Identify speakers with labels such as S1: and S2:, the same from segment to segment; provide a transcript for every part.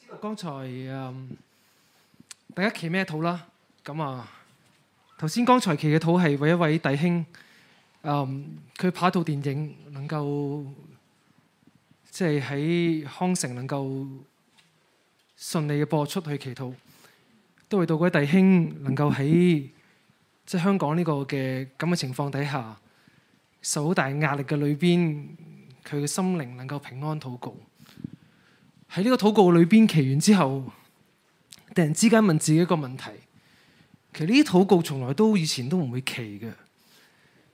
S1: 知道剛才誒、嗯、大家祈咩禱啦？咁啊，頭先剛才祈嘅禱係為一位弟兄，誒、嗯，佢拍一套電影，能夠即係喺康城能夠順利嘅播出，出去祈禱，都會到嗰位弟兄能夠喺即係香港呢個嘅咁嘅情況底下受好大壓力嘅裏邊，佢嘅心靈能夠平安禱告。喺呢個禱告裏邊祈完之後，突然之間問自己一個問題，其實呢啲禱告從來都以前都唔會祈嘅，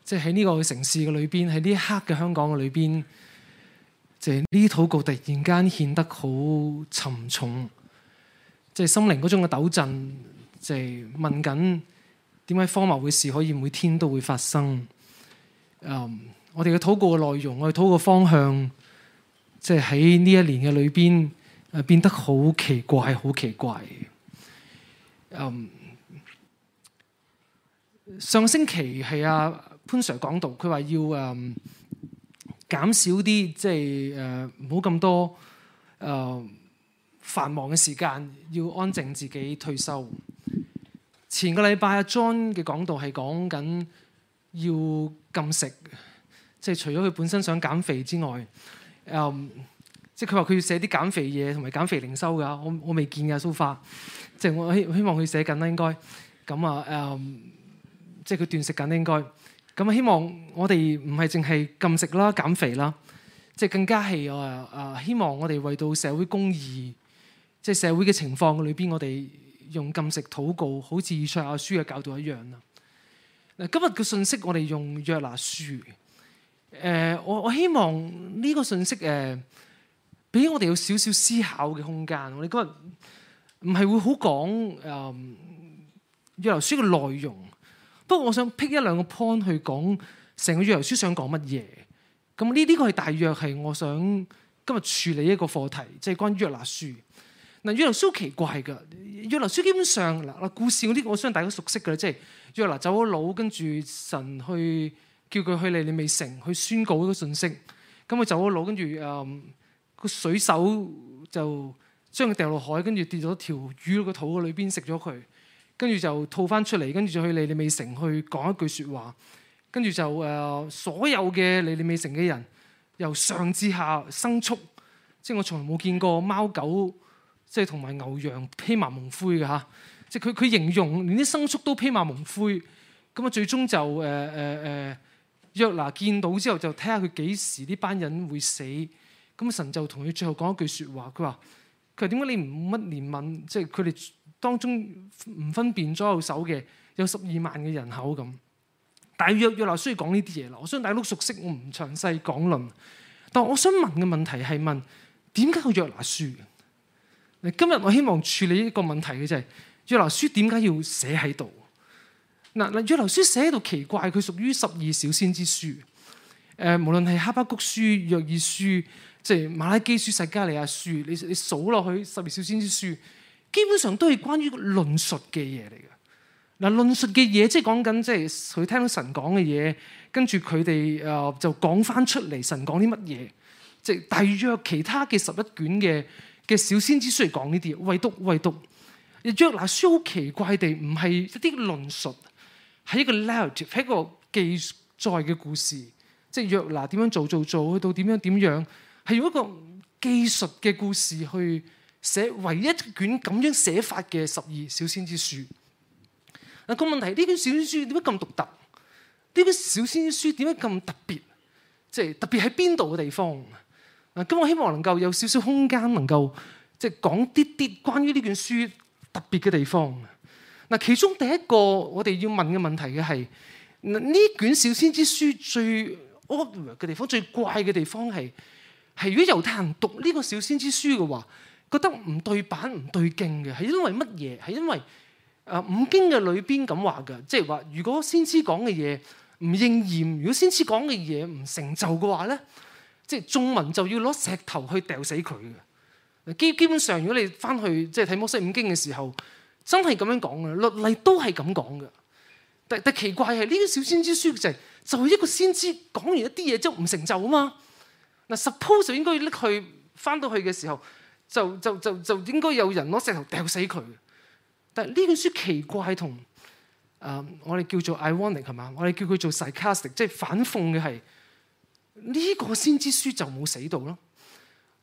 S1: 即係喺呢個城市嘅裏邊，喺呢一刻嘅香港嘅裏邊，即係呢啲禱告突然間顯得好沉重，即係心靈嗰種嘅抖震，就係問緊點解荒謬嘅事可以每天都會發生？嗯，我哋嘅禱告嘅內容，我哋禱告嘅方向。即係喺呢一年嘅裏邊，誒、呃、變得好奇怪，好奇怪。嗯，上星期係阿、啊、潘 Sir 講道，佢話要誒、嗯、減少啲，即係唔好咁多誒、呃、繁忙嘅時間，要安靜自己退休。前個禮拜阿 John 嘅講道係講緊要禁食，即、就、係、是、除咗佢本身想減肥之外。誒，um, 即係佢話佢要寫啲減肥嘢同埋減肥靈修噶，我我未見噶 so far，即係我希希望佢寫緊啦應該。咁啊，誒、um,，即係佢斷食緊啦應該。咁希望我哋唔係淨係禁食啦、減肥啦，即係更加係誒誒，希望我哋、呃、為到社會公義，即係社會嘅情況裏邊，我哋用禁食禱告，好似約珥書嘅教導一樣啦。嗱，今日嘅信息我哋用約拿書。誒，我、呃、我希望呢個信息誒，俾、呃、我哋有少少思考嘅空間。我哋今日唔係會好講誒約拿書嘅內容，不過我想辟一兩個 point 去講成個約拿書想講乜嘢。咁呢啲個係、這個、大約係我想今日處理一個課題，即係關於約拿書。嗱，約拿書好奇怪㗎，約拿書基本上嗱個、呃、故事呢、這個我相信大家熟悉㗎，即係約拿走咗佬，跟住神去。叫佢去尼尼微城去宣告嗰個信息，咁佢走咗路，跟住誒個水手就將佢掉落海，跟住跌咗條魚個肚個裏邊食咗佢，跟住就吐翻出嚟，跟住就去尼尼微城去講一句説話，跟住就誒、呃、所有嘅尼尼微城嘅人由上至下牲畜，即係我從來冇見過貓狗，即係同埋牛羊披麻蒙灰嘅嚇，即係佢佢形容連啲牲畜都披麻蒙灰，咁啊最終就誒誒誒。呃呃呃呃約拿見到之後就睇下佢幾時呢班人會死，咁神就同佢最後講一句說話，佢話佢話，點解你唔乜憐憫，即係佢哋當中唔分辨左右手嘅有十二萬嘅人口咁。但係約約拿需要講呢啲嘢啦，我想大家都熟悉我唔詳細講論，但我想問嘅問題係問點解約拿書？今日我希望處理一個問題嘅就係、是、約拿書點解要寫喺度？嗱，約拿書寫喺度，奇怪，佢屬於十二小先知書。誒、呃，無論係哈巴谷書、約珥書，即係瑪拉基書、撒迦利亞書，你你數落去十二小先知書，基本上都係關於論述嘅嘢嚟嘅。嗱、呃，論述嘅嘢即係講緊，即係佢、就是、聽到神講嘅嘢，跟住佢哋啊就講翻出嚟神講啲乜嘢，即、就、係、是、大約其他嘅十一卷嘅嘅小先知書嚟講呢啲嘢，唯獨唯獨約拿書好奇怪地唔係一啲論述。係一個 narrative 係一個記載嘅故事，即係約拿點樣做做做，去到點樣點樣，係用一個記述嘅故事去寫唯一卷咁樣寫法嘅十二小先知書。嗱、啊、個問題，呢本小先知書點解咁獨特？呢本小先知書點解咁特別？即、就、係、是、特別喺邊度嘅地方？咁、啊、我希望能夠有少少空間，能夠即係講啲啲關於呢卷書特別嘅地方。嗱，其中第一個我哋要問嘅問題嘅係，呢卷《小先知書》最惡嘅地方、最怪嘅地方係係如果猶太人讀呢個《小先知書》嘅話，覺得唔對板、唔對勁嘅，係因為乜嘢？係因為誒、啊、五經嘅裏邊咁話嘅，即係話如果先知講嘅嘢唔應驗，如果先知講嘅嘢唔成就嘅話咧，即係眾民就要攞石頭去掉死佢嘅。基基本上，如果你翻去即係睇摩西五經嘅時候。真係咁樣講嘅，律例都係咁講嘅。但但奇怪係呢啲小先知書就係、是、就係、是、一個先知講完一啲嘢之後唔成就啊嘛。嗱，suppose 應應該拎佢返到去嘅時候，就就就就應該有人攞石頭掟死佢。但係呢本書奇怪同誒、呃、我哋叫做 ironic 係嘛？我哋叫佢做 sarcastic，即係反諷嘅係呢個先知書就冇死到咯。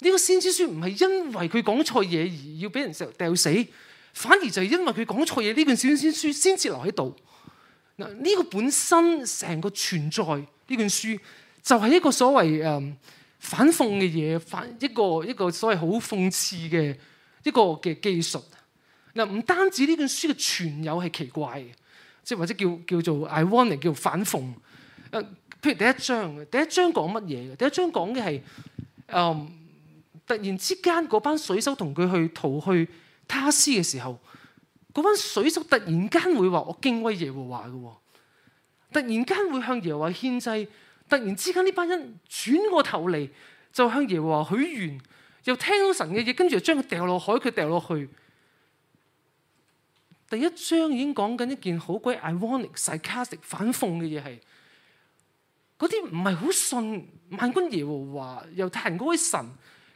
S1: 呢、這個先知書唔係因為佢講錯嘢而要俾人石頭掟死。反而就係因為佢講錯嘢，呢本書先書先至留喺度。嗱，呢個本身成個存在呢本書就係、是、一個所謂誒、呃、反諷嘅嘢，反一個一個所謂好諷刺嘅一個嘅技術。嗱、呃，唔單止呢本書嘅傳有係奇怪嘅，即係或者叫叫做 Ironic 叫反諷、呃。譬如第一章，第一章講乜嘢？第一章講嘅係誒，突然之間嗰班水手同佢去逃去。他施嘅時候，嗰班水手突然間會話：我敬畏耶和華嘅，突然間會向耶和華獻祭。突然之間呢班人轉過頭嚟，就向耶和華許願，又聽到神嘅嘢，跟住又將佢掉落海，佢掉落去。第一章已經講緊一件好鬼 ironic、sarcastic 反諷嘅嘢，係嗰啲唔係好信萬軍耶和華，又睇人嗰位神。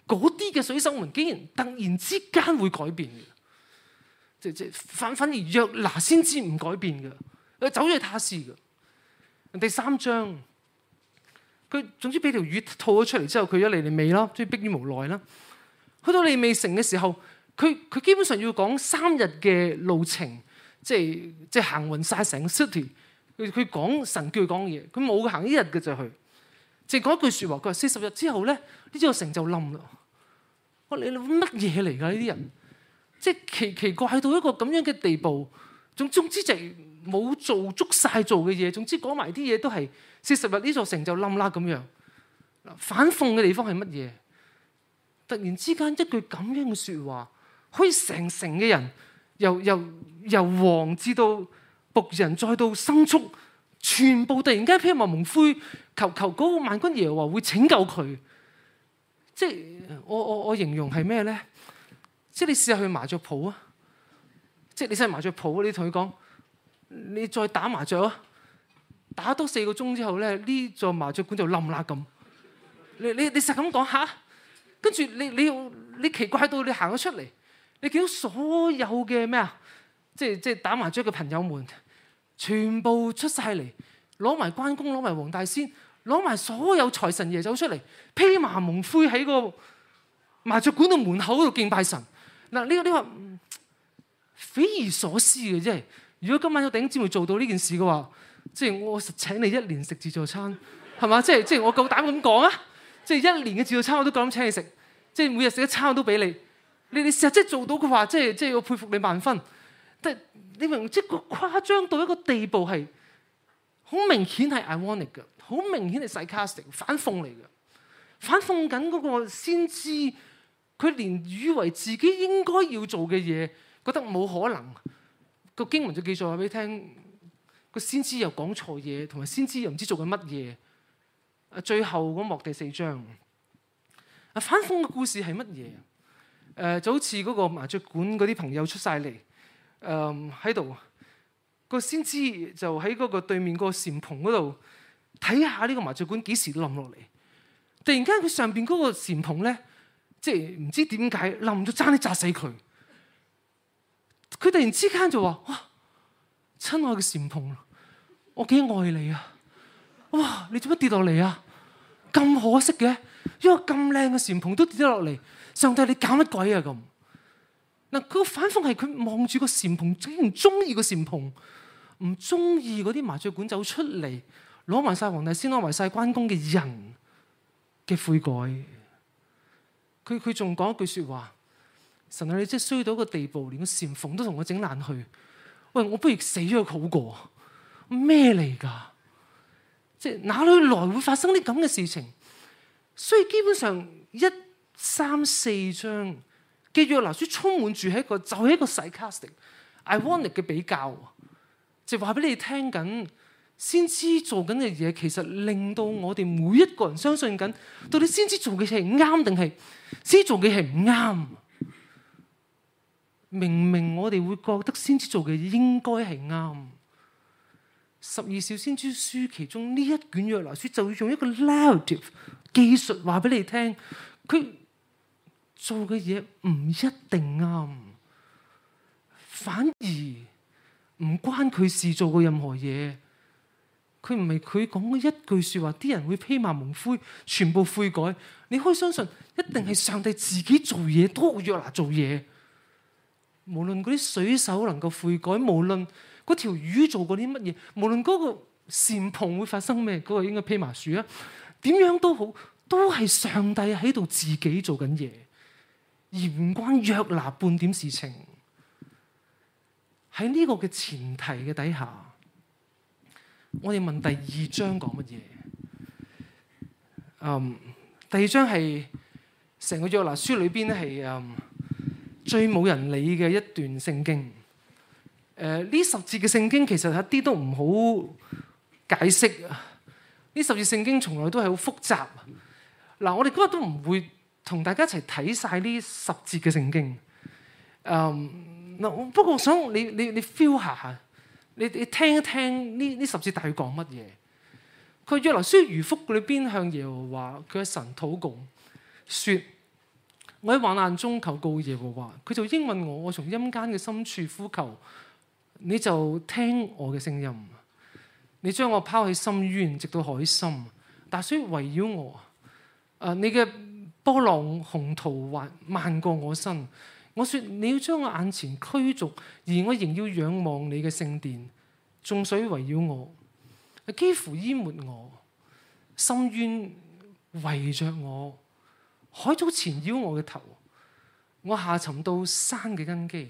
S1: 嗰啲嘅水手們竟然突然之間會改變嘅，即係即係反反而約拿先至唔改變嘅，佢走咗去他施嘅。第三章，佢總之俾條魚吐咗出嚟之後，佢一尼尼微啦，即係逼於無奈啦。去到尼尼微城嘅時候，佢佢基本上要講三日嘅路程，即係即係行勻晒成個 city。佢佢講神叫佢講嘢，佢冇行一日嘅就去。即係講一句說話，佢話四十日之後咧，呢座城就冧啦。喂，你諗乜嘢嚟噶呢啲人？即係奇奇怪到一個咁樣嘅地步。總總之就冇做足晒做嘅嘢。總之講埋啲嘢都係四十日呢座城就冧啦咁樣。反諷嘅地方係乜嘢？突然之間一句咁樣嘅說話，可以成城嘅人，由由由王至到僕人，再到牲畜。全部突然間披埋蒙灰求，求求嗰個萬軍耶和華會拯救佢。即係我我我形容係咩咧？即係你試下去麻雀鋪啊！即係你試下去麻雀鋪，你同佢講，你再打麻雀啊！打多四個鐘之後咧，呢座麻雀館就冧啦咁。你你你，你實咁講下，跟、啊、住你你你，你奇怪到你行咗出嚟，你見到所有嘅咩啊？即係即係打麻雀嘅朋友們。全部出晒嚟，攞埋關公，攞埋黃大仙，攞埋所有財神爺走出嚟，披麻蒙灰喺個麻雀館度門口嗰度敬拜神。嗱呢個呢個匪夷所思嘅，真係。如果今晚有弟兄姊妹做到呢件事嘅話，即係我實請你一年食自助餐，係嘛？ 即係即係我夠膽咁講啊！即係一年嘅自助餐我都夠膽請你食，即係每日食一餐我都俾你。你你實即做到嘅話，即係即係我佩服你萬分。即係你明，即係個誇張到一個地步，係好明顯係 ironic 嘅，好明顯係 sarcastic 反諷嚟嘅，反諷緊嗰個先知，佢連以為自己應該要做嘅嘢，覺得冇可能。個經文就記住話俾你聽，個先知又講錯嘢，同埋先知又唔知做緊乜嘢。啊，最後嗰幕第四章，啊反諷嘅故事係乜嘢？誒、啊，就好似嗰個麻雀館嗰啲朋友出晒嚟。誒，喺度個先知就喺嗰個對面個禪棚嗰度睇下呢個麻雀館幾時冧落嚟。突然間佢上邊嗰個禪棚咧，即係唔知點解冧咗，爭啲砸死佢。佢突然之間就話：哇，親愛嘅禪棚，我幾愛你啊！哇，你做乜跌落嚟啊？咁可惜嘅，因為咁靚嘅禪棚都跌咗落嚟。上帝，你搞乜鬼啊？咁。嗱，佢反覆係佢望住個禪蓬，竟然中意個禪蓬，唔中意嗰啲麻醉館走出嚟，攞埋晒皇帝，先安慰晒關公嘅人嘅悔改。佢佢仲講一句説話：神啊，你即係衰到個地步，連個禪蓬都同我整爛去。喂，我不如死咗佢好過。咩嚟㗎？即係哪裏來會發生啲咁嘅事情？所以基本上一三四章。嘅約拿書充滿住係一個就係、是、一個 sarcastic、ironic 嘅比較，就話、是、俾你聽緊先知做緊嘅嘢，其實令到我哋每一個人相信緊到底先知做嘅係啱定係先做嘅係唔啱。明明我哋會覺得先知做嘅應該係啱。十二小先知書其中呢一卷約拿書就會用一個 relative 技術話俾你聽，佢。做嘅嘢唔一定啱、啊，反而唔關佢事。做過任何嘢，佢唔係佢講嘅一句說話，啲人會披麻蒙灰，全部悔改。你可以相信，一定係上帝自己做嘢，都好約拿做嘢。無論嗰啲水手能夠悔改，無論嗰條魚做過啲乜嘢，無論嗰個船篷會發生咩，嗰、嗰個應該披麻樹啊，點樣都好，都係上帝喺度自己做緊嘢。而唔關約拿半點事情。喺呢個嘅前提嘅底下，我哋問第二章講乜嘢？嗯，第二章係成個約拿書裏邊咧係嗯最冇人理嘅一段聖經。誒、呃，呢十節嘅聖經其實一啲都唔好解釋啊！呢十字聖經從來都係好複雜。嗱、呃，我哋今日都唔會。同大家一齊睇晒呢十節嘅聖經。嗯，嗱，不過我想你你你 feel 下，你你聽一聽呢呢十節大要講乜嘢。佢約拿書，魚腹裏邊向耶和華佢喺神禱告，說：我喺患難中求告耶和華，佢就應允我，我從陰間嘅深處呼求，你就聽我嘅聲音。你將我拋喺深淵直到海深，但大水圍繞我。誒，uh，你嘅波浪洪濤橫漫過我身，我說，你要將我眼前驅逐，而我仍要仰望你嘅聖殿。眾水圍繞我，幾乎淹沒我，深淵圍着我，海藻纏繞我嘅頭。我下沉到山嘅根基，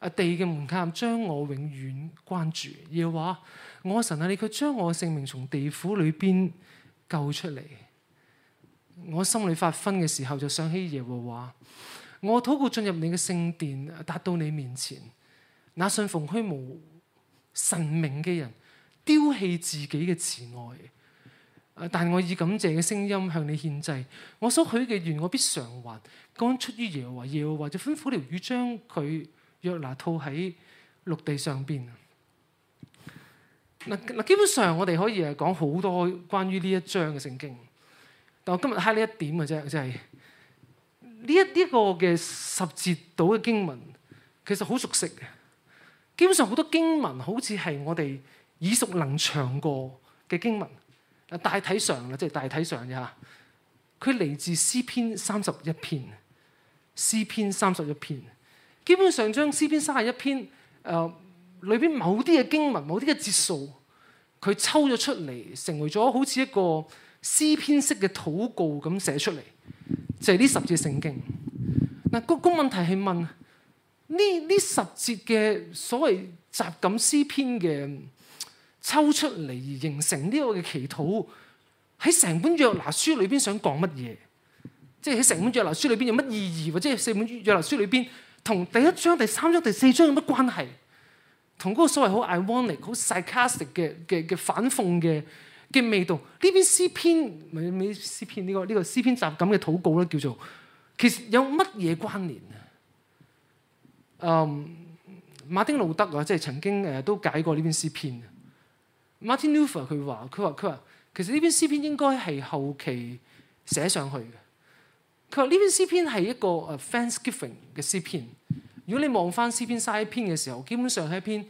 S1: 啊地嘅門檻將我永遠關住。耶和華我神啊，你卻將我嘅性命從地府裏邊救出嚟。我心裏發昏嘅時候，就想起耶和華。我禱告進入你嘅聖殿，達到你面前。那信奉虛無神明嘅人，丟棄自己嘅慈愛。但我以感謝嘅聲音向你獻祭，我所許嘅願我必償還。救恩出於耶和華，耶和華就吩咐一條魚將佢約拿套喺陸地上邊。嗱嗱，基本上我哋可以係講好多關於呢一章嘅聖經。但我今日嗨呢一點嘅啫，就係呢一呢個嘅十節到嘅經文，其實好熟悉，基本上好多經文好似係我哋耳熟能詳過嘅經文，大體上啦，即係大體上啫嚇。佢嚟自詩篇三十一篇，詩篇三十一篇，基本上將詩篇三十一篇誒裏邊某啲嘅經文、某啲嘅節數，佢抽咗出嚟，成為咗好似一個。詩篇式嘅禱告咁寫出嚟，就係、是、呢十節聖經。嗱，個、那個問題係問呢呢十節嘅所謂集錦詩篇嘅抽出嚟而形成呢個嘅祈禱，喺成本約拿書裏邊想講乜嘢？即係喺成本約拿書裏邊有乜意義？或者係四本約拿書裏邊同第一章、第三章、第四章有乜關係？同嗰個所謂好 ironic、好 sarcastic 嘅嘅嘅反諷嘅嘅味道，呢篇詩篇咪呢詩篇呢個呢個詩篇集錦嘅禱告咧，叫做其實有乜嘢關聯啊？嗯，馬丁路德啊，即係曾經誒都解過呢篇詩篇。Martin Luther 佢話：佢話佢話，其實呢篇詩篇應該係後期寫上去嘅。佢話呢篇詩篇係一個誒 Thanksgiving 嘅詩篇。如果你望翻詩篇曬篇嘅時候，基本上係一篇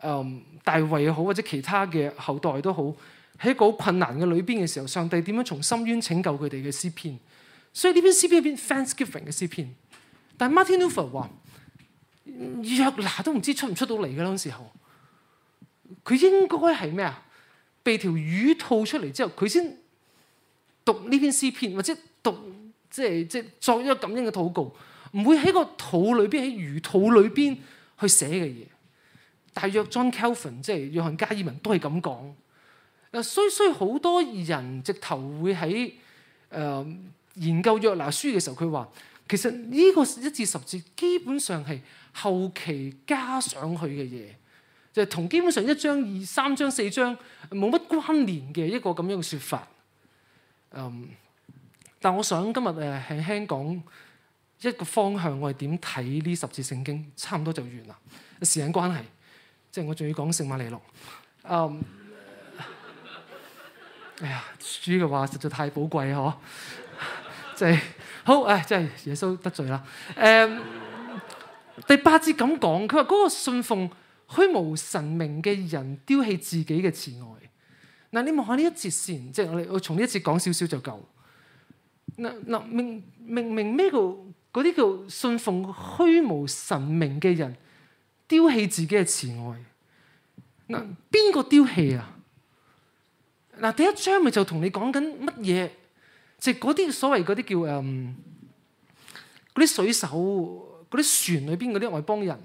S1: 誒大衞好或者其他嘅後代都好。喺個困難嘅裏邊嘅時候，上帝點樣從深淵拯救佢哋嘅詩篇？所以呢篇詩篇係篇 Thanksgiving 嘅詩篇。但係 Martin Luther 話：約拿都唔知出唔出到嚟嘅嗰時候，佢應該係咩啊？被條魚吐出嚟之後，佢先讀呢篇詩篇，或者讀即係即係作一個感恩嘅禱告，唔會喺個肚裏邊喺魚肚裏邊去寫嘅嘢。但係 John Calvin 即係約翰加爾文都係咁講。所以所以好多人直頭會喺誒、呃、研究約拿書嘅時候，佢話其實呢個一至十節基本上係後期加上去嘅嘢，就係、是、同基本上一章二、三章、四章冇乜關聯嘅一個咁樣嘅説法。嗯，但我想今日誒、呃、輕輕講一個方向，我係點睇呢十節聖經，差唔多就完啦。時間關係，即、就、係、是、我仲要講聖馬力諾。嗯。哎呀，主嘅話實在太寶貴嗬，即係、 就是、好誒，即、哎、係、就是、耶穌得罪啦。誒、um，第八節咁講，佢話嗰個信奉虛無神明嘅人丟棄自己嘅慈愛。嗱，你望下呢一節先，即係我我從呢一節講少少就夠。嗱嗱，明明明咩叫嗰啲叫信奉虛無神明嘅人丟棄自己嘅慈愛？嗱，邊個丟棄啊？嗱，第一章咪就同你講緊乜嘢？即係嗰啲所謂嗰啲叫誒，嗯，嗰啲水手、嗰啲船裏邊嗰啲外邦人，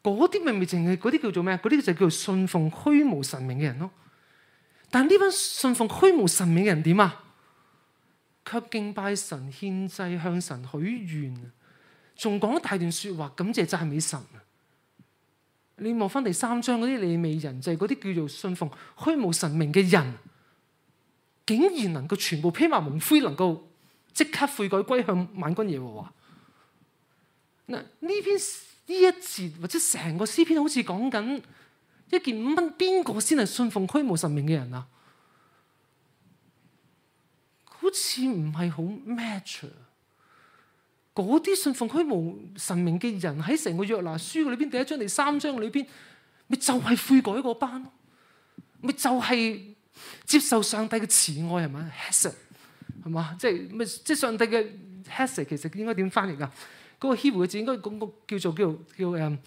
S1: 嗰啲咪咪淨係嗰啲叫做咩？嗰啲就叫做信奉虛無神明嘅人咯。但係呢班信奉虛無神明嘅人點啊？卻敬拜神、獻祭、向神許願，仲講大段説話，感謝讚美神。你望翻第三章嗰啲尼尼微人就係嗰啲叫做信奉虛無神明嘅人，竟然能夠全部披麻蒙灰，能夠即刻悔改歸向萬軍耶和華。嗱，呢篇呢一節或者成個詩篇好似講緊一件五，五蚊，邊個先係信奉虛無神明嘅人啊？好似唔係好 match。嗰啲信奉虛無神明嘅人喺成個約拿書裏邊第一章第三章裏邊，咪就係、是、悔改嗰班，咪就係、是、接受上帝嘅慈愛係咪 hesed 係嘛？即係咪即係上帝嘅 hesed 其實應該點翻譯啊？嗰、那個 Hebrew 嘅字應該講、那個叫做叫做叫誒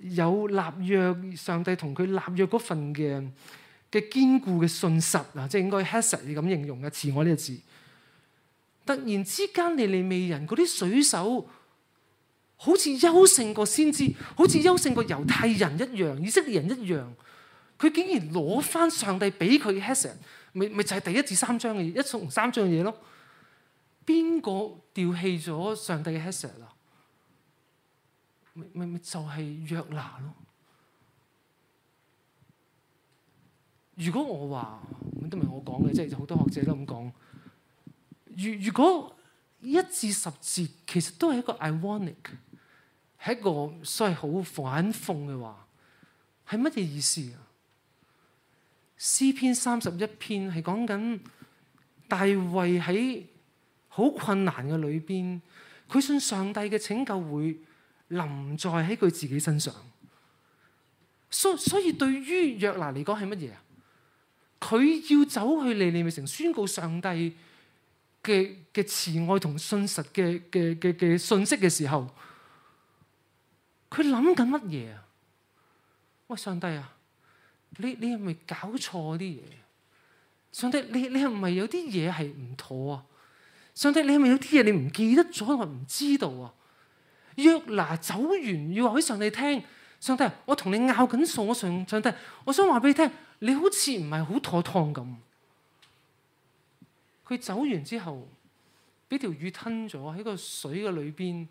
S1: 有立約，上帝同佢立約嗰份嘅嘅堅固嘅信實啊！即係應該 hesed 要咁形容嘅慈愛呢個字。突然之間，尼尼微人嗰啲水手，好似優勝過先知，好似優勝過猶太人一樣，以色列人一樣，佢竟然攞返上帝俾佢嘅 hesed，咪咪就係第一至三章嘅嘢，一至三章嘅嘢囉。邊個掉棄咗上帝嘅 hesed 呀？咪咪咪就係約拿囉。如果我話，都唔係我講嘅，即係好多學者都咁講，如如果一至十節其實都係一個 ironic，係一個所謂好反諷嘅話，係乜嘢意思啊？詩篇三十一篇係講緊大衛喺好困難嘅裏邊，佢信上帝嘅拯救會臨在喺佢自己身上。所以所以對於約拿嚟講係乜嘢啊？佢要走去尼尼微城宣告上帝嘅嘅慈愛同信實嘅嘅嘅嘅信息嘅時候，佢諗緊乜嘢啊？喂，上帝啊，你你係咪搞錯啲嘢？上帝，你你係咪有啲嘢係唔妥啊？上帝，你係咪有啲嘢你唔記得咗，我唔知道啊？約拿走完要話俾上帝聽，上帝我同你拗緊數，我上上帝，我想話俾你聽，你好似唔係好妥當咁。佢走完之後，俾條魚吞咗喺個水嘅裏邊。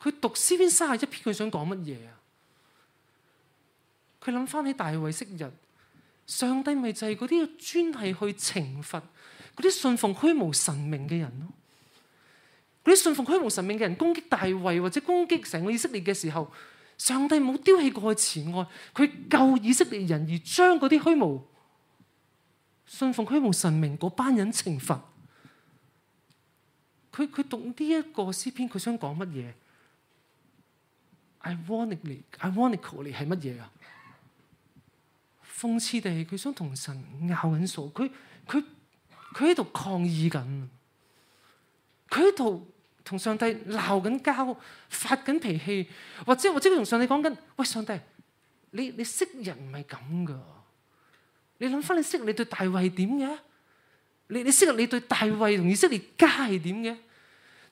S1: 佢讀詩篇三十一篇，佢想講乜嘢啊？佢諗翻起大衛昔日，上帝咪就係嗰啲專係去懲罰嗰啲信奉虛無神明嘅人咯？嗰啲信奉虛無神明嘅人攻擊大衛或者攻擊成個以色列嘅時候，上帝冇丟棄過去慈愛，佢救以色列人而將嗰啲虛無。信奉虛無神明嗰班人懲罰佢，佢讀呢一個詩篇，佢想講乜嘢？Ironically，Ironically 係乜嘢啊？諷刺地，佢想同神拗緊數，佢佢佢喺度抗議緊，佢喺度同上帝鬧緊交，發緊脾氣，或者或者佢同上帝講緊：喂，上帝，你你識人唔係咁噶。你諗翻你識你對大衛點嘅？你你識你對大衛同以色列家係點嘅？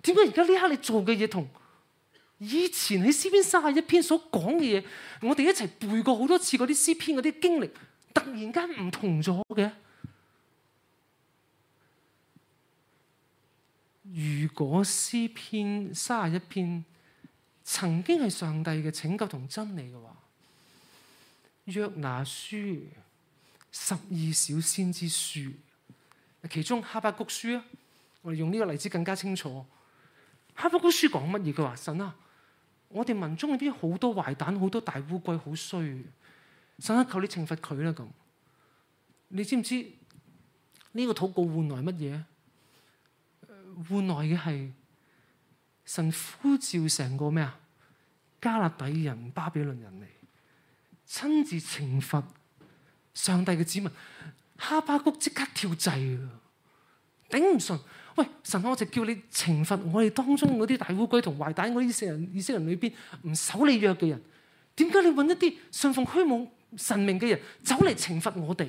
S1: 點解而家呢刻你做嘅嘢，同以前喺詩篇三十一篇所講嘅嘢，我哋一齊背過好多次嗰啲詩篇嗰啲經歷，突然間唔同咗嘅？如果詩篇三十一篇曾經係上帝嘅拯救同真理嘅話，約拿書。十二小先知書，其中哈巴谷書啊，我哋用呢個例子更加清楚。哈巴谷書講乜嘢？佢話：神啊，我哋民中入邊好多壞蛋，好多大烏龜，好衰。神一、啊、求你懲罰佢啦！咁，你知唔知呢、呢個禱告換來乜嘢？換來嘅係神呼召成個咩啊？加勒底人、巴比倫人嚟，親自懲罰。上帝嘅子民，哈巴谷即刻跳掣，頂唔順。喂，神，我就叫你懲罰我哋當中嗰啲大烏龜同壞蛋嗰啲以色列以色列人裏邊唔守你約嘅人。點解你揾一啲信奉虛無神明嘅人走嚟懲罰我哋？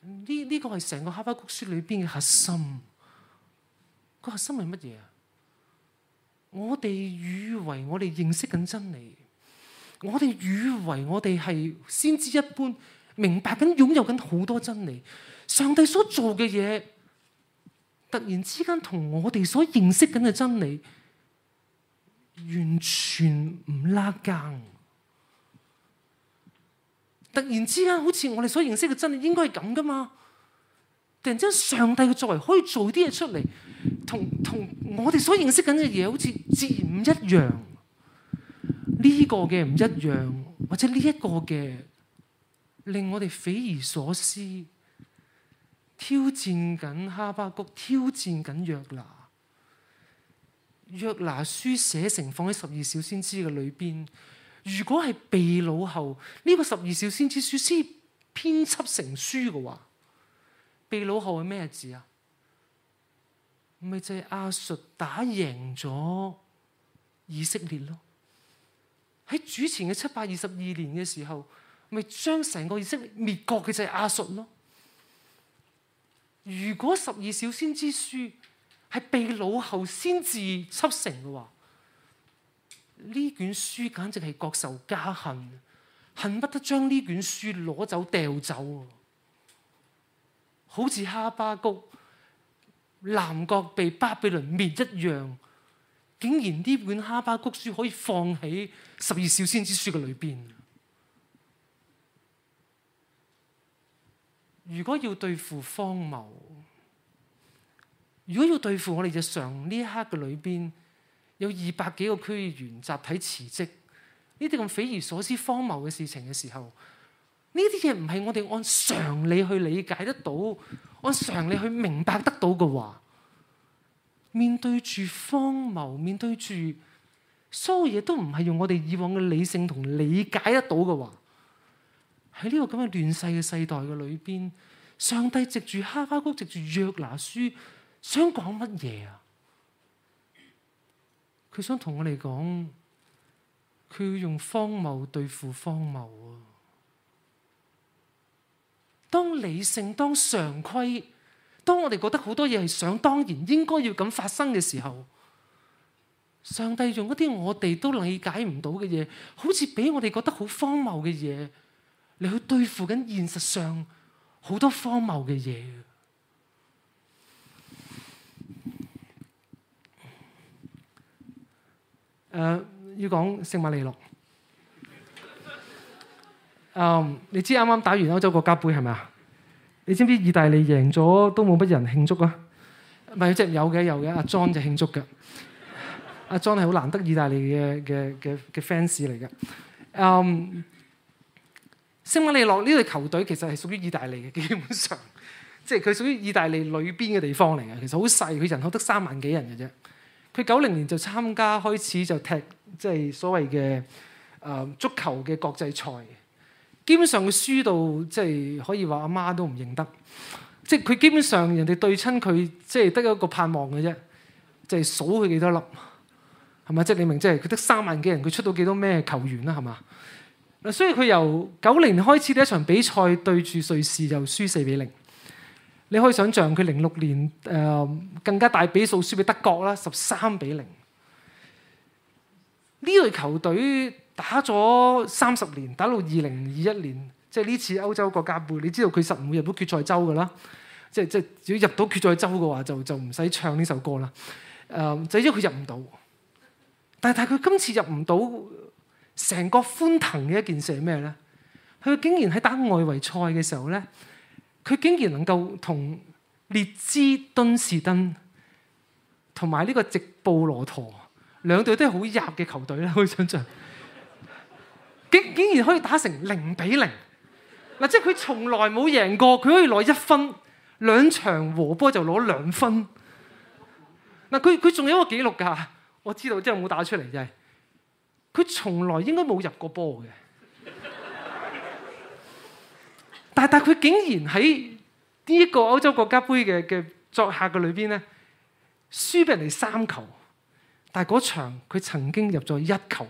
S1: 呢呢、呢個係成個哈巴谷書裏邊嘅核心。個核心係乜嘢啊？我哋以為我哋認識緊真理。我哋以為我哋係先知一般，明白緊、擁有緊好多真理。上帝所做嘅嘢，突然之間同我哋所認識緊嘅真理完全唔拉更。突然之間，好似我哋所認識嘅真理應該係咁㗎嘛？突然之間，上帝嘅作為可以做啲嘢出嚟，同我哋所認識緊嘅嘢好似自然唔一樣。呢個嘅唔一樣，或者呢一個嘅令我哋匪夷所思，挑戰緊哈巴谷，挑戰緊約拿。約拿書寫成放喺十二小先知嘅裏邊。如果係被擄後呢個十二小先知書先編輯成書嘅話，被擄後係咩字啊咪就係、是、亞述打贏咗以色列咯。喺主前嘅七百二十二年嘅時候，咪將成個以色列滅國嘅就係亞述咯。如果十二小先知書係被老後先至輯成嘅話，呢卷書簡直係國仇家恨，恨不得將呢卷書攞走掉走，好似哈巴谷南國被巴比倫滅一樣。竟然呢本《哈巴谷書》可以放喺《十二小先知書》嘅裏面。如果要對付荒謬，如果要對付我哋日常呢一刻嘅裏面，有二百幾個區議員集體辭職呢啲咁匪夷所思荒謬嘅事情嘅時候，呢啲嘢唔係我哋按常理去理解得到，按常理去明白得到嘅話。面對住荒謬，面對住所有嘢都唔係用我哋以往嘅理性同理解得到嘅話，喺呢個咁嘅亂世嘅世代嘅裏邊，上帝藉住哈巴谷，藉住約拿書，想講乜嘢啊？佢想同我哋講，佢要用荒謬對付荒謬啊！當理性當常規。當我哋覺得好多嘢，係想當然應該要咁發生嘅時候，上帝用嗰啲我哋都理解唔到嘅嘢，好似俾我哋覺得好荒謬嘅嘢嚟去對付緊現實上好多荒謬嘅嘢。誒，要講聖馬力諾。嗯，你知啱啱打完歐洲國家杯係咪啊？你知唔知意大利贏咗都冇乜人慶祝啊？唔係，即係有嘅有嘅，阿莊就慶祝㗎。阿莊係好難得意大利嘅嘅嘅嘅 fans 嚟嘅。嗯，聖馬力諾呢隊球隊其實係屬於意大利嘅，基本上即係佢屬於意大利裏邊嘅地方嚟嘅。其實好細，佢人口得三萬幾人嘅啫。佢九零年就參加開始就踢即係所謂嘅誒足球嘅國際賽。基本上佢輸到即係可以話阿媽都唔認得，即係佢基本上人哋對親佢即係得一個盼望嘅啫，即係數佢幾多粒。係咪即係你明，即係佢得三萬幾人，佢出到幾多咩球員啦係嘛？所以佢由九零開始第一場比賽對住瑞士就輸四比零，你可以想像佢零六年誒、呃、更加大比數輸俾德國啦，十三比零，呢隊球隊。打咗三十年，打到二零二一年，即係呢次歐洲國家盃，你知道佢實唔會入到決賽周噶啦。即係即係，只要入到決賽周嘅話，就就唔使唱呢首歌啦、呃。就因為佢入唔到。但係佢今次入唔到，成個歡騰嘅一件事係咩呢？佢竟然喺打外圍賽嘅時候呢，佢竟然能夠同列支敦士登同埋呢個直布羅陀兩隊都係好弱嘅球隊咧，可以想象。竟竟然可以打成零比零，嗱，即係佢從來冇贏過，佢可以攞一分，兩場和波就攞兩分。嗱，佢佢仲有一個記錄㗎，我知道，即係冇打出嚟就係，佢從來應該冇入過波嘅。 但但佢竟然喺呢個歐洲國家杯嘅嘅作客嘅裏邊呢，輸俾人哋三球，但係嗰場佢曾經入咗一球。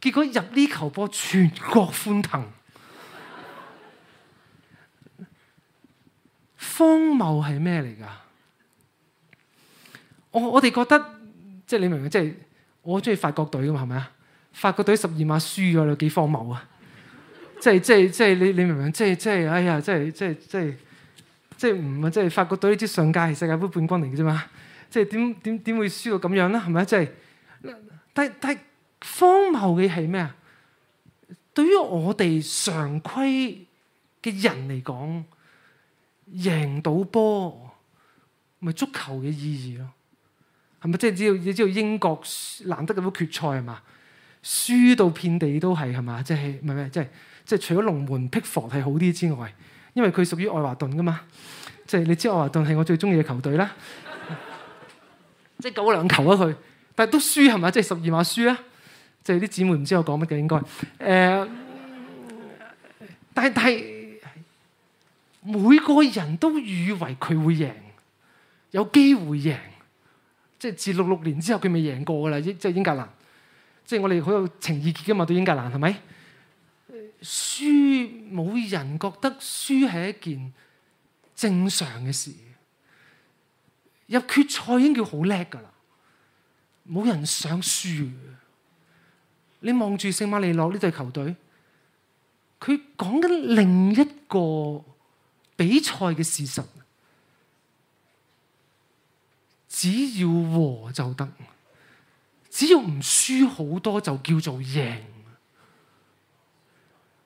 S1: 結果入呢球波全國歡騰， 荒謬係咩嚟噶？我我哋覺得即係你明唔明？即係我中意法國隊噶嘛，係咪啊？法國隊十二碼輸咗，你幾荒謬啊？即係即係即係你你明唔明？即係即係哎呀，即係即係即係即係唔係！即係法國隊呢支上屆係世界盃冠軍嚟嘅啫嘛，即係點點點會輸到咁樣咧？係咪啊？即係但係但係。荒謬嘅係咩啊？對於我哋常規嘅人嚟講，贏到波咪、就是、足球嘅意義咯？係咪即係只要你知道英國難得咁多決賽係嘛？輸到遍地都係係嘛？即係唔咪，即係即係除咗龍門 Pickford 係好啲之外，因為佢屬於愛華頓噶嘛。即係你知愛華頓係我最中意嘅球隊啦。 即係九兩球啊佢，但係都輸係咪？即係十二碼輸啊！即係啲姊妹唔知我講乜嘅應該，誒、呃，但係但係每個人都以為佢會贏，有機會贏。即係自六六年之後佢未贏過噶啦，即係英格蘭。即係我哋好有情意結嘅嘛，對英格蘭係咪？輸，冇人覺得輸係一件正常嘅事。入決賽已經叫好叻㗎啦，冇人想輸。你望住聖馬力諾呢隊球隊，佢講緊另一個比賽嘅事實，只要和就得，只要唔輸好多就叫做贏。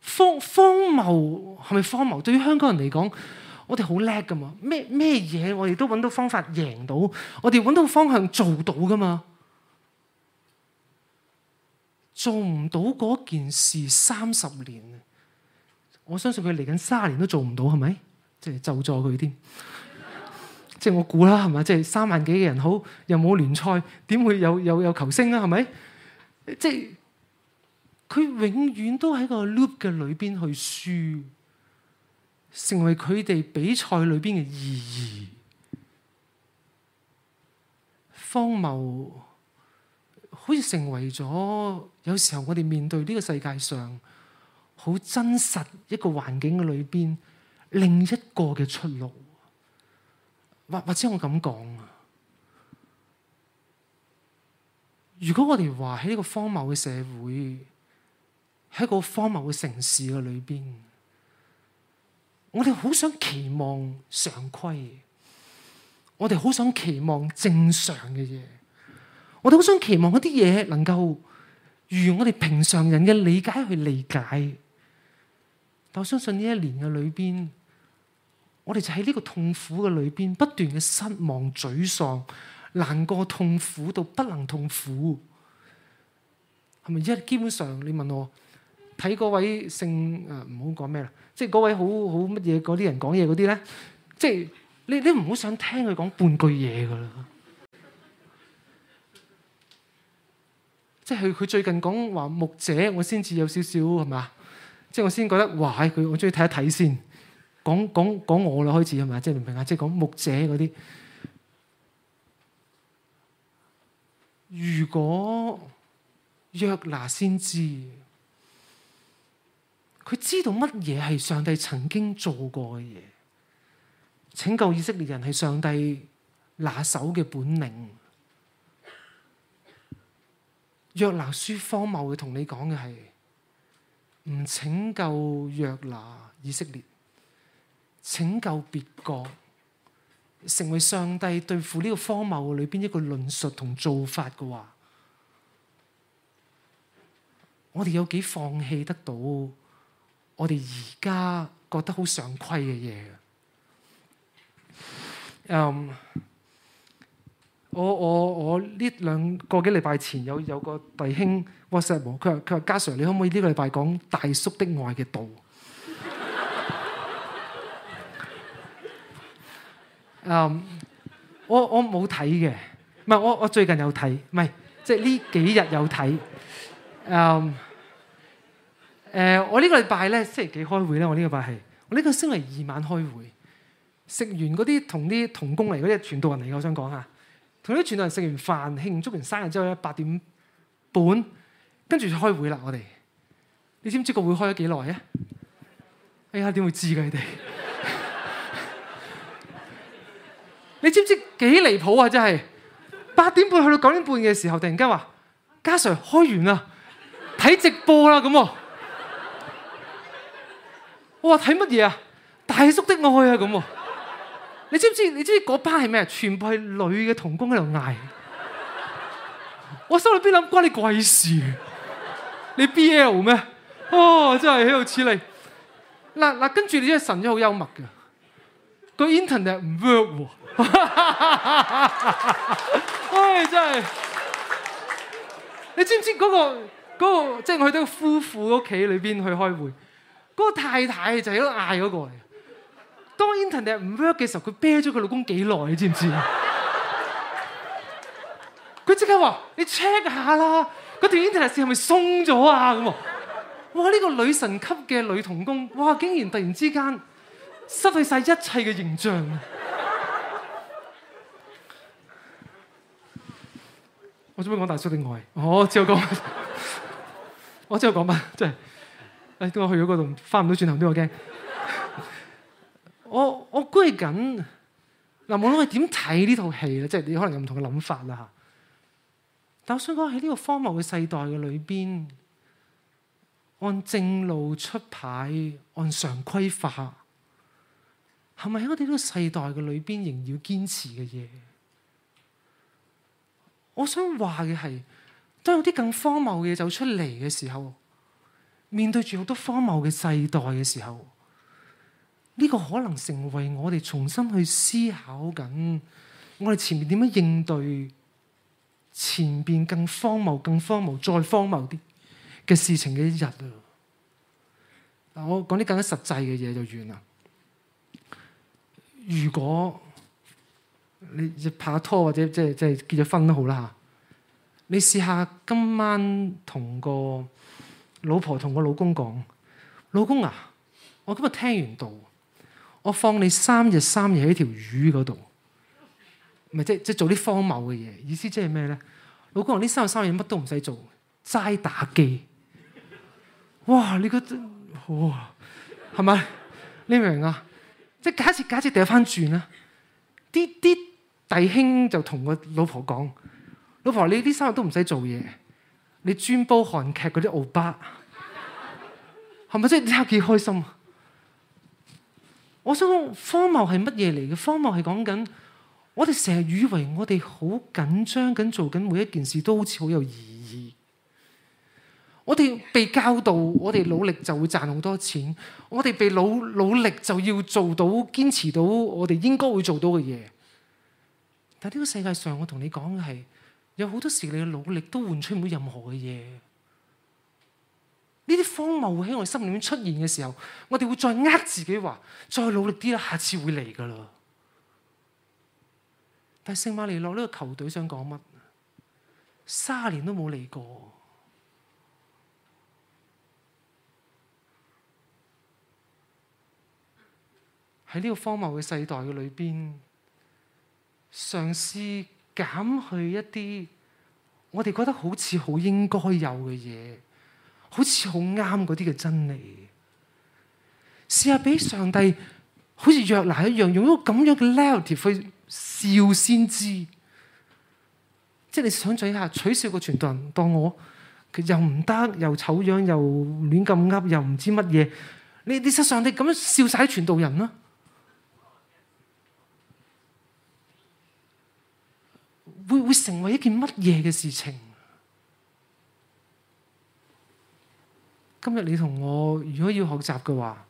S1: 荒荒謬係咪荒謬？對於香港人嚟講，我哋好叻㗎嘛？咩咩嘢我哋都揾到方法贏到，我哋揾到方向做到㗎嘛？做唔到嗰件事三十年，我相信佢嚟緊三年都做唔到，係咪？即、就、係、是、就助佢添，即 係我估啦，係咪？即、就、係、是、三萬幾嘅人好，又冇聯賽，點會有有有球星啊？係咪？即係佢永遠都喺個 loop 嘅裏邊去輸，成為佢哋比賽裏邊嘅意義，荒謬好似成為咗。有時候我哋面對呢個世界上好真實一個環境嘅裏邊，另一個嘅出路，或或者我咁講啊，如果我哋話喺呢個荒謬嘅社會，喺個荒謬嘅城市嘅裏邊，我哋好想期望常規，我哋好想期望正常嘅嘢，我哋好想期望一啲嘢能夠。如我哋平常人嘅理解去理解，但我相信呢一年嘅裏邊，我哋就喺呢個痛苦嘅裏邊不斷嘅失望、沮喪、難過、痛苦到不能痛苦是是，係咪？一基本上你問我睇嗰位姓誒唔好講咩啦，即係嗰位好好乜嘢嗰啲人講嘢嗰啲咧，即係你你唔好想聽佢講半句嘢噶啦。即係佢最近講話牧者我點點，我先至有少少係嘛？即係我先覺得哇！佢、哎、我中意睇一睇先。講講講我啦開始係嘛？即係唔明啊！即係講牧者嗰啲。如果約拿先知，佢知道乜嘢係上帝曾經做過嘅嘢？拯救以色列人係上帝拿手嘅本領。約拿書荒謬嘅同你講嘅係唔拯救約拿以色列，拯救別國，成為上帝對付呢個荒謬裏邊一個論述同做法嘅話，我哋有幾放棄得到我哋而家覺得好常規嘅嘢嘅？嗯。我我我呢兩個幾禮拜前有有個弟兄，WhatsApp 我佢話，佢話，迦 Sir，你可唔可以呢個禮拜講大叔的愛嘅道？啊、um,！我我冇睇嘅，唔係我我最近有睇，唔係即係呢幾日有睇。啊！誒，我呢個禮拜咧星期幾開會咧？我呢個禮拜係我呢個星期二晚開會，食完嗰啲同啲同工嚟嗰啲傳道人嚟嘅，我想講下。同啲傳道人食完飯慶祝完生日之後咧，八點半跟住就開會啦，我哋你知唔知個會開咗幾耐啊？哎呀，點會知嘅你哋？ 你知唔知幾離譜啊？真係八點半去到九點半嘅時候，突然間話嘉 Sir 開完啦，睇直播啦咁喎。我話睇乜嘢啊？大叔的愛啊咁喎。你知唔知？你知嗰班係咩？全部係女嘅童工喺度嗌。 我心裏邊諗關你鬼事？你 BL 咩？哦，真係喺度似你。嗱嗱， 跟住你真係神咗好幽默嘅。個 internet 唔 work 喎。真係。你知唔知嗰、嗰個即係、嗰個即係、我去到個夫婦屋企裏邊去開會，嗰、嗰個太太就喺度嗌嗰個嚟。當 Internet 唔 work 嘅時候，佢啤咗佢老公幾耐，你知唔知啊？佢即刻話：你 check 下啦，條 Internet 線係咪鬆咗啊？咁喎，哇！呢個女神級嘅女童工，哇！竟然突然之間失去晒一切嘅形象。我準備講大叔嘅愛。我之後講，我之後講乜？即係，誒，我去咗嗰度，翻唔到轉頭都我驚。我我歸緊嗱，無論我點睇呢套戲咧，即係你可能有唔同嘅諗法啦吓。但我想講喺呢個荒謬嘅世代嘅裏邊，按正路出牌，按常規化，係咪喺我哋呢個世代嘅裏邊仍要堅持嘅嘢？我想話嘅係，當有啲更荒謬嘅嘢走出嚟嘅時候，面對住好多荒謬嘅世代嘅時候。呢個可能成為我哋重新去思考緊，我哋前面點樣應對前邊更荒謬、更荒謬、再荒謬啲嘅事情嘅一日啊！嗱，我講啲更加實際嘅嘢就完啦。如果你拍拖或者即係即係結咗婚都好啦嚇，你試下今晚同個老婆同個老公講：老公啊，我今日聽完道。我放你三日三夜喺條魚嗰度，咪即即係做啲荒謬嘅嘢，意思即係咩咧？老公話呢三日三夜乜都唔使做，齋打機。哇！你個哇係咪？你明唔明啊？即假設假設掉翻轉啊。啲啲弟兄就同個老婆講：老婆，你呢三日都唔使做嘢，你專煲韓劇嗰啲歐巴，係咪？即睇下幾開心。啊！」我想講荒謬係乜嘢嚟嘅？荒謬係講緊，我哋成日以為我哋好緊張，緊做緊每一件事都好似好有意義。我哋被教導，我哋努力就會賺好多錢；我哋被努努力就要做到、堅持到我哋應該會做到嘅嘢。但呢個世界上我，我同你講嘅係有好多時，你嘅努力都換取唔到任何嘅嘢。呢啲荒謬喺我哋心裏面出現嘅時候，我哋會再呃自己話，再努力啲啦，下次會嚟㗎啦。但聖馬力諾呢個球隊想講乜？卅年都冇嚟過，喺呢個荒謬嘅世代嘅裏邊，嘗試減去一啲我哋覺得好似好應該有嘅嘢。好似好啱嗰啲嘅真理，試下俾上帝好似約拿一樣，用一個咁樣嘅 negative 去笑先知，即係你想像下取笑個傳道人，當我又唔得，又醜樣，又亂咁噏，又唔知乜嘢，你你識上帝咁樣笑晒啲傳道人啦、啊，會會成為一件乜嘢嘅事情？今日你同我，如果要學習嘅話，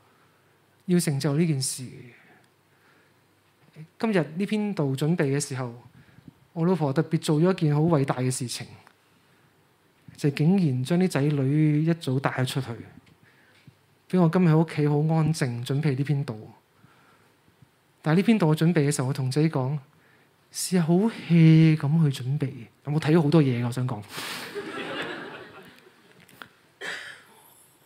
S1: 要成就呢件事。今日呢篇道準備嘅時候，我老婆特別做咗一件好偉大嘅事情，就是、竟然將啲仔女一早帶咗出去，俾我今日喺屋企好安靜準備呢篇道。但係呢篇道我準備嘅時候，我同仔講，下好 h e 咁去準備，冇睇到好多嘢我想講。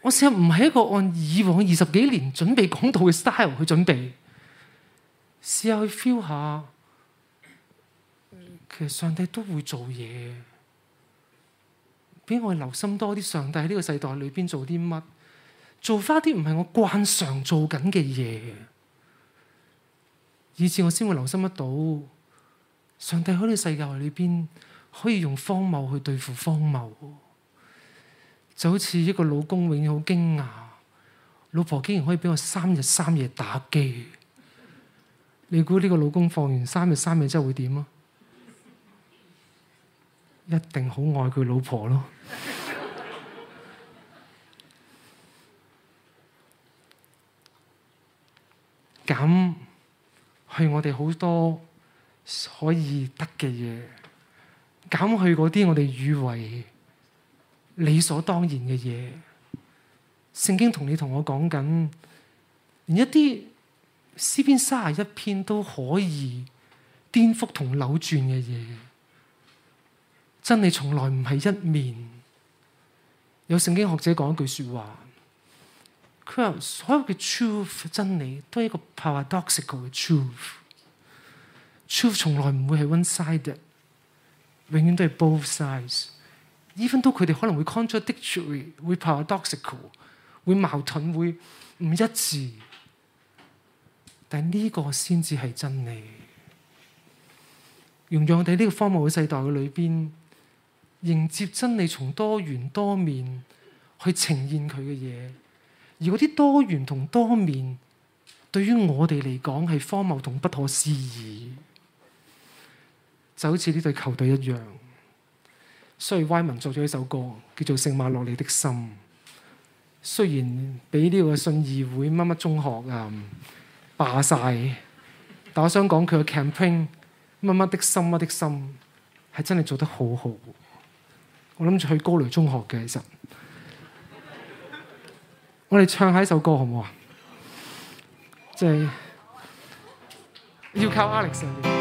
S1: 我試下唔係一個按以往二十幾年準備講道嘅 style 去準備，試下去 feel 下。其實上帝都會做嘢，俾我留心多啲上帝喺呢個世代裏邊做啲乜，做返啲唔係我慣常做緊嘅嘢。以致我先會留心得到，上帝喺呢個世界裏邊可以用荒謬去對付荒謬。就好似一個老公永遠好驚訝，老婆竟然可以俾我三日三夜打機。你估呢個老公放完三日三夜之後會點啊？一定好愛佢老婆咯。減 去我哋好多可以得嘅嘢，減去嗰啲我哋以為，理所當然嘅嘢，聖經同你同我講緊，連一啲詩篇三十一篇都可以顛覆同扭轉嘅嘢，真理從來唔係一面。有聖經學者講一句説話，佢話所有嘅 truth 真理都係一個 paradoxical truth，truth 從來唔會係 one sided，永遠都係 both sides。Even though 佢哋可能會 contradictory，會 paradoxical，會矛盾，會唔一致。但係呢個先至係真理。用喺我哋呢個荒謬嘅世代裏面，迎接真理從多元多面去呈現佢嘅嘢。而嗰啲多元同多面對於我哋嚟講係荒謬同不可思議，就好似呢隊球隊一樣。所以 Y 文做咗一首歌，叫做《聖馬力諾的心》，雖然俾呢個信義會乜乜中學啊霸曬，但我想講佢嘅 campaign 乜乜的心，乜的心係真係做得好好。我諗住去高雷中學嘅，其實我哋唱下一首歌好唔好啊？即係要靠 Alex。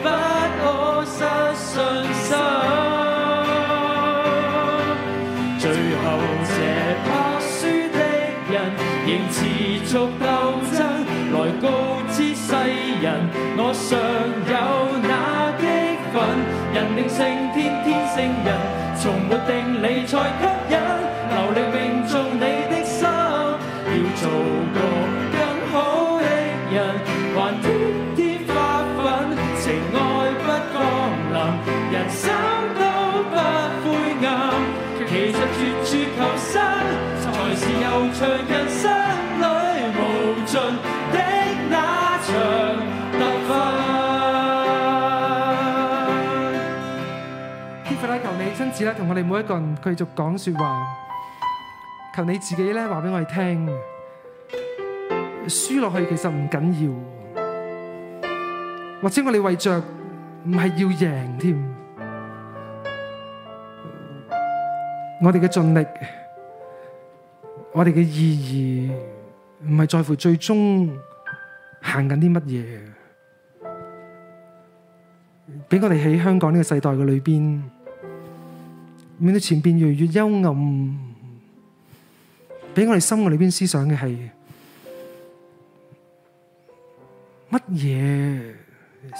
S2: 尚有那激憤，人定勝天，天勝人，從沒定理才吸引
S1: 親自咧同我哋每一個人繼續講說話，求你自己咧話俾我哋聽，輸落去其實唔緊要，或者我哋為着唔係要贏添，我哋嘅盡力，我哋嘅意義唔係在乎最終行緊啲乜嘢，俾我哋喺香港呢個世代嘅裏邊。面對前邊越嚟越幽暗，俾我哋心我裏邊思想嘅係乜嘢，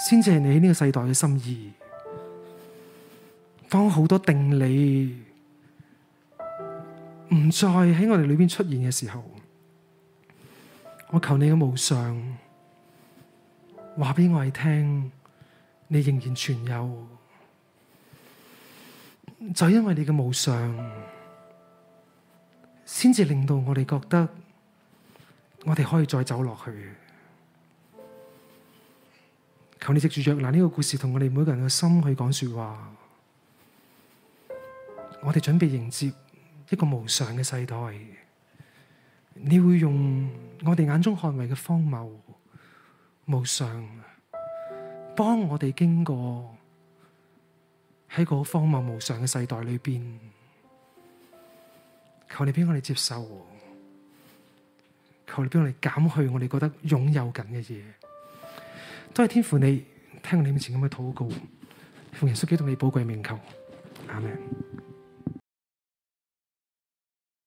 S1: 先至係你喺呢個世代嘅心意。當好多定理唔再喺我哋裏邊出現嘅時候，我求你嘅無常，話俾我哋聽，你仍然存有。就因為你嘅無常，先至令到我哋覺得，我哋可以再走落去。求你藉住約拿呢個故事，同我哋每一個人嘅心去講說話。我哋準備迎接一個無常嘅世代。你會用我哋眼中看為嘅荒謬、無常，幫我哋經過。喺個荒謬無常嘅世代裏邊，求你俾我哋接受，求你俾我哋減去我哋覺得擁有緊嘅嘢，都係天父你聽我你面前咁嘅禱告，奉耶穌基督你寶貴名求，阿門。